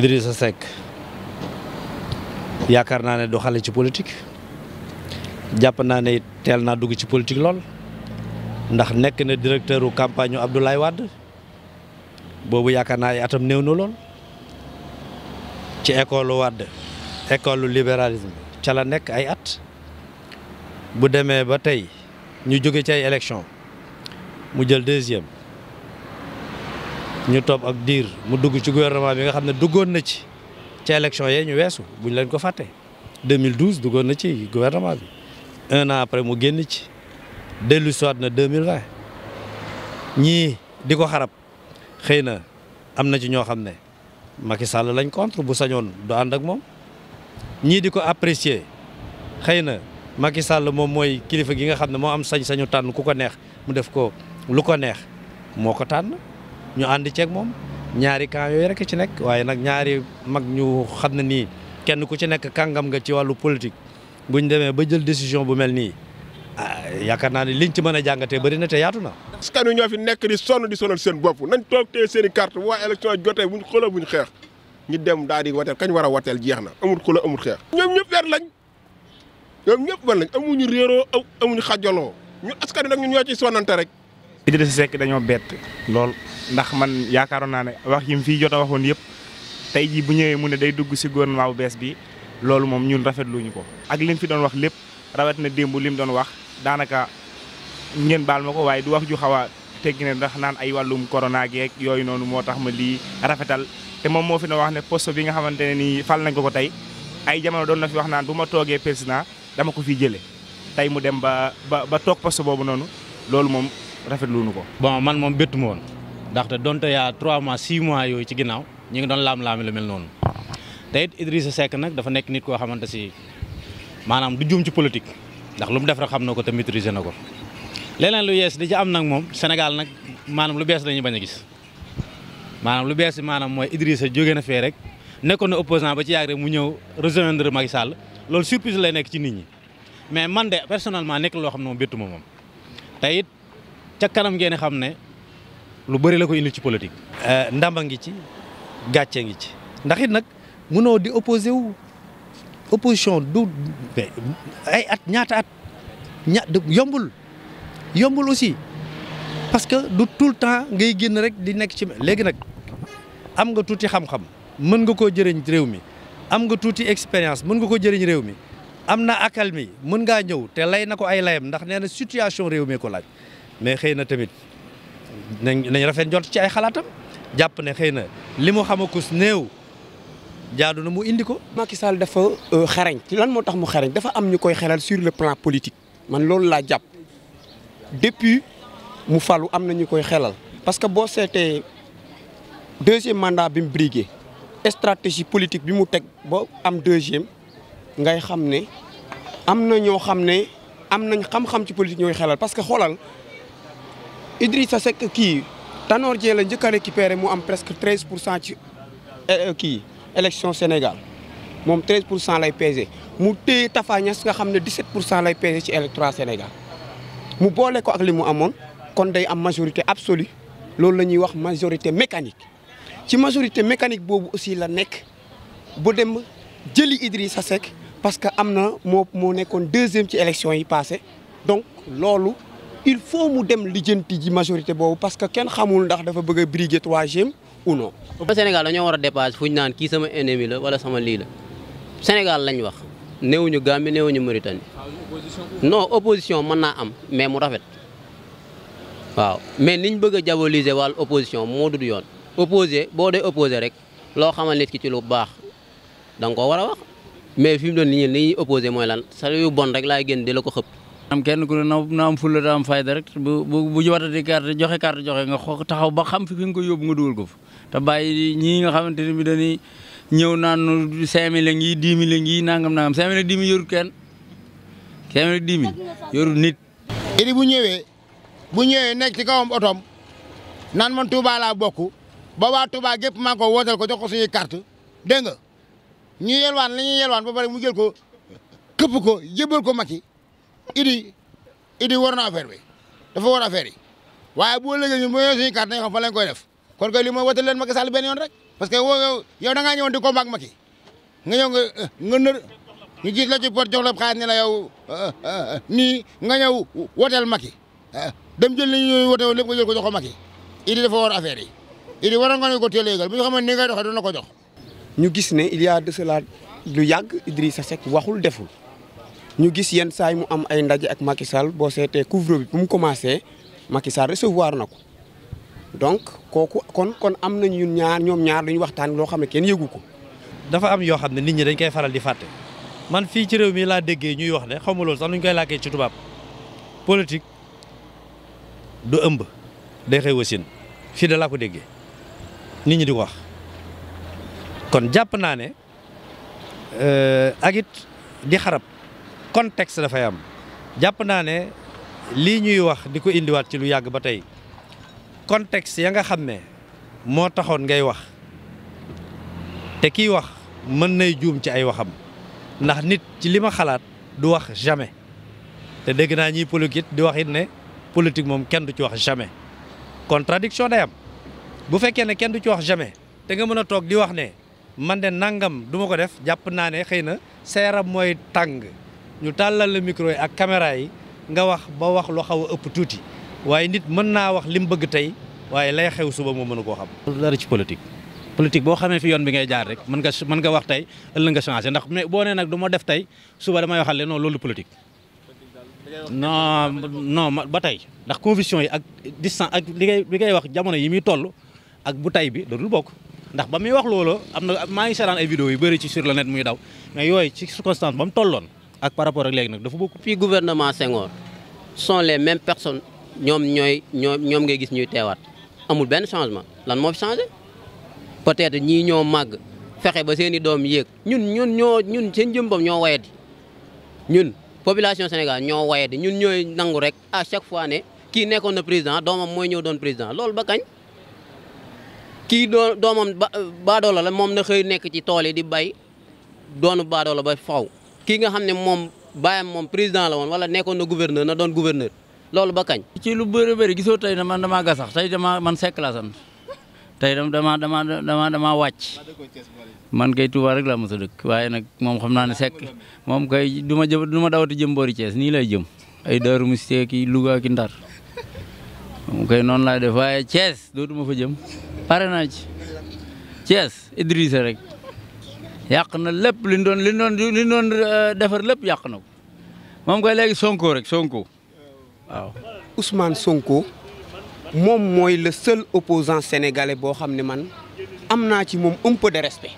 Idrissa Seck yaakaar naa ne du xale ci politique jàpp naa ne teel naa dugg ci politique lool ndax nekk na directeur u campagne u Abdoulaye Wade boobu yaakaar naa ay atam néew na lool ci école wàdd école libéralisme ca la nekk ay at bu demee ba tey ñu jóge ci ay élection mu jël deuxième ñu toob ak diir mu dugg ci gouvernement bi nga xam ne duggoon na ci ci élection yee ñu weesu bu buñ leen ko fàtte 2012 duggoon na ci gouvernement bi un an après mu génn ci dellu soit na 2020 ñii di ko xarab xëy na am na ci ñoo xam ne Macky Sall lañ contre bu sañoon du ànd ak moom ñii di ko apprécier xëy na Macky Sall moom mooy kilifa gi nga xam ne moo am sañ-sañu tànn ku ko neex mu def ko lu ko neex moo ko tànn ñu àndi ceeg moom ñaari camp yooyu rek ci nekk waaye nag ñaari mag ñu xam ne nii kenn ku ci nekk kàngam nga ci wàllu politique buñ demee ba jël décision bu mel nii ah, yaakaar naa ne liñ ci mën a jàngatee bëri na te yaatu na. askan wi ñoo fi nekk di sonn di sonal seen bopp nañ toog tey seen i carte waa élection jotee buñ xooloo buñ xeex ñu dem daal di wateel kañ war a wateel jeex na amul xooloo amul xeex. ñoom ñëpp weer lañ ñoom ñëpp weer lañ amuñu réeroo amuñu xajaloo ñu askan wi nag ñun ñoo ciy sonante rek. Idrissa Seck dañoo bett lool ndax man yaakaaroon naa ne wax yi mu fii jot a waxoon yëpp tey jii bu ñëwee mu ne day dugg si gouvernement maaw bees bi loolu moom ñun rafetluñu ko. ak li mu fi doon wax lépp rawat na démb li mu doon wax daanaka ngeen baal ma ko waaye du wax ju xaw a teggi ne ndax naan ay wàllum corona geeg yooyu noonu moo tax ma lii rafetal te moom moo fi ne wax ne poste bi nga xamante ne nii fal nañ ko ko tey ay jamono doon na fi wax naan bu ma toogee président dama ko fiy jëlee tey mu dem ba ba ba toog poste boobu noonu loolu moom. rafetlu nu ko. bon man moom béttu ma woon ndaxte donte yaa 3 mois 6 mois yooyu ci ginnaaw ñu ngi doon laam-laami lu mel noonu te it Idrissa Seck nag dafa nekk nit koo xamante si maanaam du juum ci politique ndax lu mu def rek xam na ko te maîtriser na ko. leneen lu yees di ci am nag moom Sénégal nag maanaam lu bees lañuy bañ a gis maanaam lu bees maanaam mooy Idrissa jóge na fee rek nekkoon na opposant ba ci yàgg rek mu ñëw rejoindre Macky Sall loolu surprise lay nekk ci nit ñi mais man de personnellement nekk loo xam ne moom béttu moom ca kanam ngeen xam ne lu bëri la ko indil ci politique. Euh, ndamba ngi ci gàcce ngi ci ndax it nag munoo di opposé wu opposition du ay at ñaata at yombul yombul aussi parce que du tout le temps ngay génn rek di nekk ci léegi nag am nga tuuti xam-xam mën nga koo jëriñ réew mi am nga tuuti expérience mën nga koo jëriñ réew mi am na akal mi mën ngaa ñëw te lay na ko ay layam ndax nee na situation réew mi ko laaj. mais xëy na tamit nañ nañ rafet jot ci ay xalaatam jàpp ne xëy na li mu xam akus néew jaadu na mu indi ko. Macky Sall dafa euh, xarañ lan moo tax mu xarañ dafa am ñu koy xelal sur le plan politique man loolu laa jàpp depuis mu falu am na ñu koy xelal. parce que boo seetee deuxième mandat bi mu brigué stratégie politique bi mu teg ba am deuxième ngay xam ne am na ñoo xam ne am nañ xam-xam ci politique ñooy xelal parce que xoolal. sa Seck kii Tanor Dieng la njëkk a mu am presque 13 pour cent ci eh, eh, kii élection Sénégal moom 13 pour cent lay pesé mu téye Tafa Niass nga xam ne dix 17 pour cent lay pesé ci électorat Sénégal mu boole ko ak li mu amoon kon day am majorité absolue loolu la ñuy wax majorité mécanique ci majorité mécanique boobu aussi la nekk bu dem jëli sa Seck parce que am na moo moo nekkoon deuxième ci élection yi passé donc loolu il faut mu dem lijjanti ji majorité boobu parce que kenn xamul ndax dafa bëgg a briguer troisième ou non. ba Sénégal dañoo war a dépassé fu ñu naan kii sama ennemi la wala sama lii la Sénégal lañ wax néewuñu Gambie néewuñu Mauritanie non opposition mën naa am mais mu rafet waaw mais niñ bëgg a diaboliser wàllu opposition moo dul yoon opposé boo dee opposé rek loo xamal nit ki ci lu baax da nga koo war a wax mais fi doon nii li ñuy mooy lan sa yu bon rek laay génn di la ko xëpp. am kenn ku ne na am fulla da am fayda rek bu bu bu joxatee carte joxe carte joxe nga xoo taxaw ba xam fi nga ko yóbbu nga dugal ko fa te bàyyi ñii nga xamante ne bi dañuy ñëw naan cinq mille ngi dix mille ngi nangam nangam cinq mille dix mille yorut kenn cinq nit. Idi bu ñëwee bu ñëwee nekk ci kawam otoom naan man Touba laa bokk ba waa Touba gépp maa ko wooteel ko jox ko suñuy carte dégg nga ñu yelwaan la ñuy yelwaan ba bari mu jël ko këpp ko jébbal ko Macky idi idi war na affaire bi dafa war affaire yi waaye boo léegi ñun bu ñëwee suñu carte nañ def kon koy li mooy wote leen Macky Sall benn yoon rek parce que woo yow da ngaa ñëwoon di combat ak Macky nga ñëw nga eh, nga nër ñu gis la ci pot jox la xaalis ne la yow eh, eh, nii nga ñëw woteel Macky dem jël ni ñuy wote woon lépp nga jël ko jox ko Macky idi dafa war affaire yi idi waroon nga ne ko teel a yëgal bu ñu xamoon ni kay doxee doon na ko jox. ñu gis ne il y a lu yàgg Idrissa Seck waxul deful. ñu gis yenn saa yi mu am ay ndaje ak Macky Sall boo seetee couvre bi bu mu commencé Macky Sall recevoir na ko donc kooku kon kon am nañ ñun ñaar ñoom ñaar lu ñu waxtaan loo xam ne kenn yëgu ko. dafa am yoo xam ne nit ñi dañ koy faral di fàtte man fii ci réew mi laa déggee ñuy wax ne xaw ma loolu sax nuñ koy làkkee ci tubaab politique du ëmb day xëy wasin fii da laa ko déggee nit ñi di wax kon jàpp naa ne euh, ak it di xarab. contexte dafay am jàpp naa ne lii ñuy wax di ko indiwaat ci lu yàgg ba tey contexte ya nga xam ne moo taxoon ngay wax te kiy wax mën nay juum ci ay waxam ndax nit ci li ma xalaat du wax jamais te dégg naa ñiy politique di wax it ne politique moom kenn du ci wax jamais contradiction day am bu fekkee ne kenn du ci wax jamais te nga mën a toog di wax ne man de nangam duma ko def jàpp naa ne xëy na seeram mooy tàng ñu tàllal la micro ak caméra yi nga wax ba wax lu xaw a ëpp tuuti waaye nit mën naa wax li mu bëgg tey waaye lay xew suba moo mënu koo xam. dara ci politique politique boo xamee fi yoon bi ngay jaar rek mën nga mën wax tey ëllëg nga changé ndax boo nee nag du ma def tey suba damay waxal non loolu politique. non non ba tey ndax conviction yi ak distance ak li ngay li ngay wax jamono yi muy toll ak bu tey bi dootul bokk ndax ba muy wax loolu am na maa ngi seetaan yu bëri ci sur le muy daw mais yooyu ci circonstance ba mu tolloon. ak par rapport ak léegi nag dafa bokk. fii gouvernement Senghor son les mêmes personnes ñoom ñooy ñoom ñoom ngay gis ñuy teewaat amul benn changement lan moo fi changé peut-être ñii ñoo màgg fexe ba seen i doom yéeg ñun ñun ñoo ñun seen jëmbam ñoo wayati ñun population Sénégal ñoo wayati ñun ñooy nangu rek à chaque fois ne kii nekkoon na président doomam mooy ñëw doon président loolu ba kañ. kii doo doomam ba baadoola la moom na xëy nekk ci tool yi di bay doonu baadoola ba faw kii nga xam ne moom baayam moom président la woon wala nekkoon na gouverneur na doon gouverneur loolu ba kañ. ci lu bëri bëri gisoo tey na man damaa gasax tey damaa man sekk laa sant tey dama dama dama damaa wàcc man kay Touba rek la mos a dëkk waaye nag moom xam naa ne sekk moom kay du ma jë du ma dawati jëm boori Thiès nii lay jëm ay Darou Mousty ki Louga ki Ndar noonu laa def waaye Thiès dootuma fa jëm pare naa ci Thiès Idrissa rek. yàq na lépp li ñu doon li ñu doon euh, defar lépp yàq na ko moom koy léegi Sonko rek Sonko waaw. Ousmane Sonko moom mooy le seul opposant sénégalais boo xam ne man am naa ci moom un peu de respect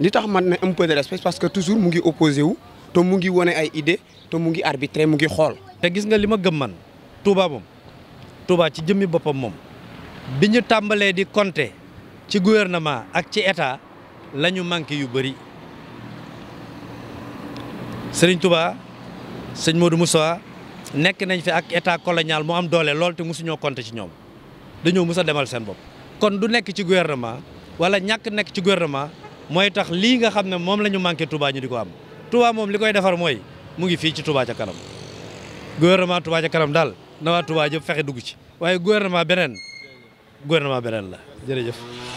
li tax man ne un peu de respect parce que toujours mu ngi opposé wu te mu ngi wone ay idées te mu ngi arbitré mu ngi xool. te gis nga li ma gëm man Touba moom Touba ci jëmmi boppam moom bi ñu tàmbalee di compter ci gouvernement ak ci état. la ñu manqué yu bëri Serigne Touba sëñ Modou Moussa nekk nañ fi ak état colonial moo am doole lool te mosuñoo compter ci ñoom dañoo mos a demal seen bopp. kon du nekk ci gouvernement wala ñàkk nekk ci gouvernement mooy tax lii nga xam ne moom lañu ñu manqué Touba ñu di ko am tubaa moom li koy defar mooy mu ngi fii ci tubaa ca kanam gouvernement tubaa ca kanam daal na waa Touba jëpp fexe dugg ci waaye gouvernement beneen gouvernement beneen la